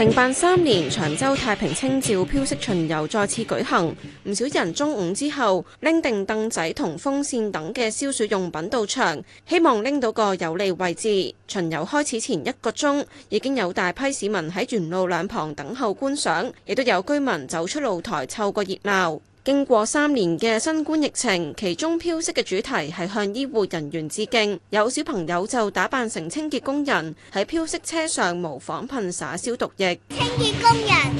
停辦三年，長洲太平清醮飄色巡遊再次舉行，唔少人中午之後拎定凳仔同風扇等嘅消暑用品到場，希望拎到個有利位置。巡遊開始前一個鐘，已經有大批市民喺沿路兩旁等候觀賞，亦都有居民走出露台湊個熱鬧。經過三年嘅新冠疫情，其中飄色嘅主題係向醫護人員致敬。有小朋友就打扮成清潔工人，喺飄色車上模仿噴灑消毒液。清潔工人。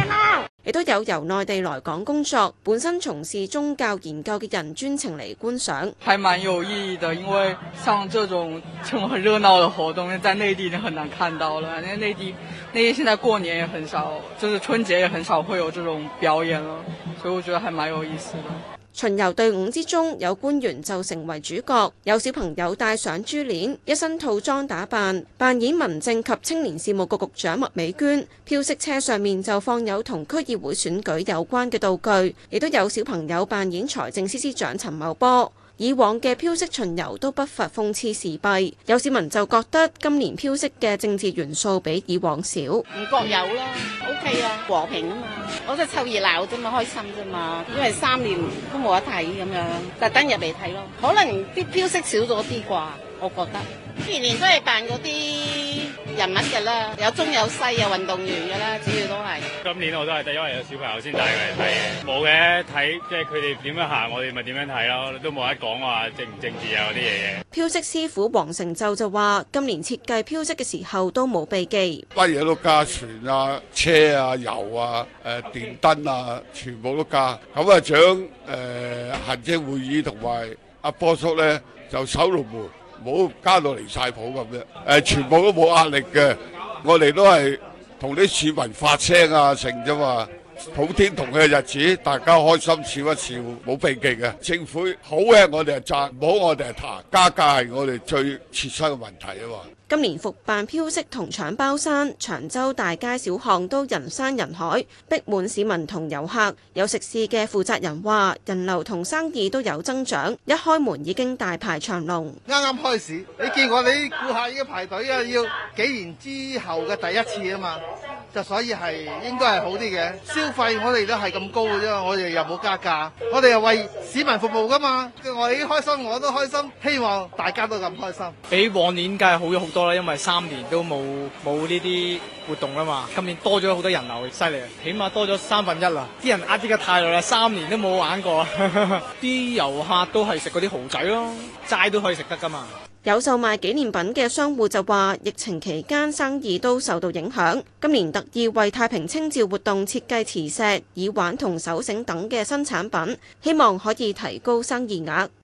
都有由內地來港工作、本身從事宗教研究嘅人專程嚟觀賞，還蠻有意義的。因為像這種這種很熱鬧的活動，在內地已經很難看到了。因為內地，內地現在過年也很少，就是春節也很少會有這種表演了，所以我覺得還蠻有意思的。巡遊隊伍之中，有官員就成為主角，有小朋友戴上珠鏈，一身套裝打扮，扮演民政及青年事務局局長麥美娟。飄色車上面就放有同區議會選舉有關嘅道具，亦都有小朋友扮演財政司司長陳茂波。以往嘅飄色巡遊都不乏諷刺時弊，有市民就覺得今年飄色嘅政治元素比以往少。唔覺有咯，OK 啊， 和平啊嘛， 我都係湊熱鬧啫嘛，開心啫嘛，因為三年都冇得睇咁樣，特登入嚟睇咯。可能啲飄色少咗啲啩，我覺得年年都係辦嗰啲。人物嘅啦，有中有西嘅運動員嘅啦，主要都係。今年我都係，第一為有小朋友先帶佢嚟睇嘅。冇嘅，睇即係佢哋點樣行，我哋咪點樣睇咯，都冇得講話政唔政治啊嗰啲嘢嘅。飄色師傅黃成就就話，今年設計飄色嘅時候都冇避忌，不如喺度加船啊、車啊、油啊、誒電燈啊，全部都加。咁啊，將、呃、誒行政會議同埋阿波叔咧就守龍門。冇加到離晒譜咁樣誒，全部都冇壓力嘅，我哋都係同啲市民發聲啊成啫嘛。普天同慶嘅日子，大家開心笑一笑，冇避忌嘅。政府好嘅，好我哋係讚；唔好，我哋係彈。加價係我哋最切身嘅問題啊！今年復辦飄色同搶包山，長洲大街小巷都人山人海，逼滿市民同遊客。有食肆嘅負責人話：人流同生意都有增長。一開門已經大排長龍。啱啱開始，你見我哋顧客要排隊啊！要幾年之後嘅第一次啊嘛！就所以係應該係好啲嘅，消費我哋都係咁高嘅啫，我哋又冇加價，我哋又為市民服務噶嘛，我已經開心，我都開心，希望大家都咁開心。比往年梗係好咗好多啦，因為三年都冇冇呢啲活動啦嘛，今年多咗好多人流，犀利呀，起碼多咗三分一啦，啲人壓啲嘅太耐啦，三年都冇玩過，啲 遊客都係食嗰啲豪仔咯，齋都可以食得噶嘛。有售賣紀念品嘅商戶就話：疫情期間生意都受到影響，今年特意為太平清醮活動設計磁石耳環同手繩等嘅新產品，希望可以提高生意額。